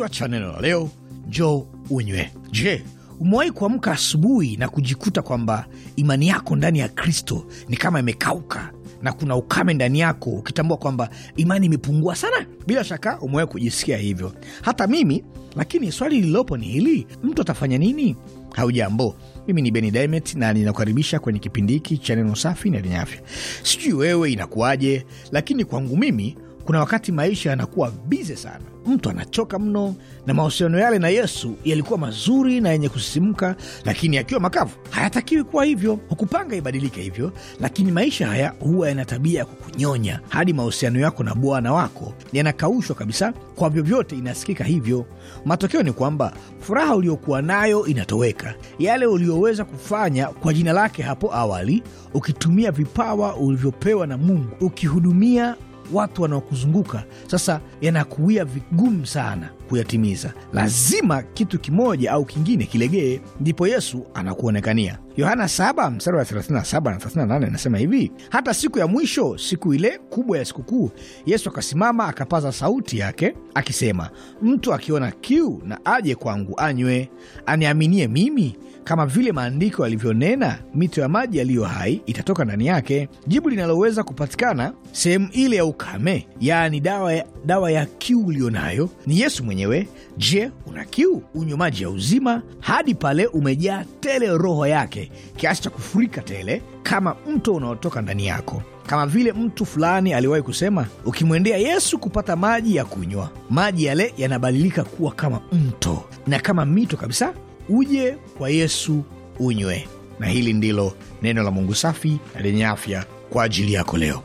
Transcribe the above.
Kichwa cha neno la leo, njo unywe. Je, umewahi kuamka asubuhi na kujikuta kwamba imani yako ndani ya Kristo ni kama imekauka na kuna ukame ndani yako, ukitambua kwamba imani imepungua sana? Bila shaka umewahi kujisikia hivyo, hata mimi. Lakini swali lililopo ni hili, mtu atafanya nini? Haujambo, mimi ni Beni Dimet na ninakukaribisha kwenye kipindi hiki cha neno safi na lenye afya. Sijui wewe inakuwaje, lakini kwangu mimi kuna wakati maisha yanakuwa bize sana, mtu anachoka mno, na mahusiano yale na Yesu yalikuwa mazuri na yenye kusisimka, lakini yakiwa makavu. Hayatakiwi kuwa hivyo, hukupanga ibadilike hivyo, lakini maisha haya huwa yana tabia ya kukunyonya hadi mahusiano yako na Bwana wako yanakaushwa kabisa. Kwa vyovyote, inasikika hivyo. Matokeo ni kwamba furaha uliokuwa nayo inatoweka, yale ulioweza kufanya kwa jina lake hapo awali, ukitumia vipawa ulivyopewa na Mungu, ukihudumia watu wanaokuzunguka sasa yanakuwia vigumu sana kuyatimiza. Lazima kitu kimoja au kingine kilegee, ndipo Yesu anakuonekania. Yohana 7 mstari wa 37 na 38 anasema hivi: hata siku ya mwisho, siku ile kubwa ya sikukuu, Yesu akasimama akapaza sauti yake akisema, mtu akiona kiu na aje kwangu anywe, aniaminie mimi kama vile maandiko yalivyonena, mito ya maji yaliyo hai itatoka ndani yake. Jibu linaloweza kupatikana sehemu ile ya ukame, yaani dawa ya, dawa ya kiu nayo ni Yesu mwenyewe. Je, una kiu? Unywe maji ya uzima hadi pale umejaa tele Roho yake kiasi cha kufurika tele kama mto unaotoka ndani yako. Kama vile mtu fulani aliwahi kusema, ukimwendea Yesu kupata maji ya kunywa, maji yale yanabadilika kuwa kama mto na kama mito kabisa uje kwa Yesu unywe. Na hili ndilo neno la Mungu safi na lenye afya kwa ajili yako leo.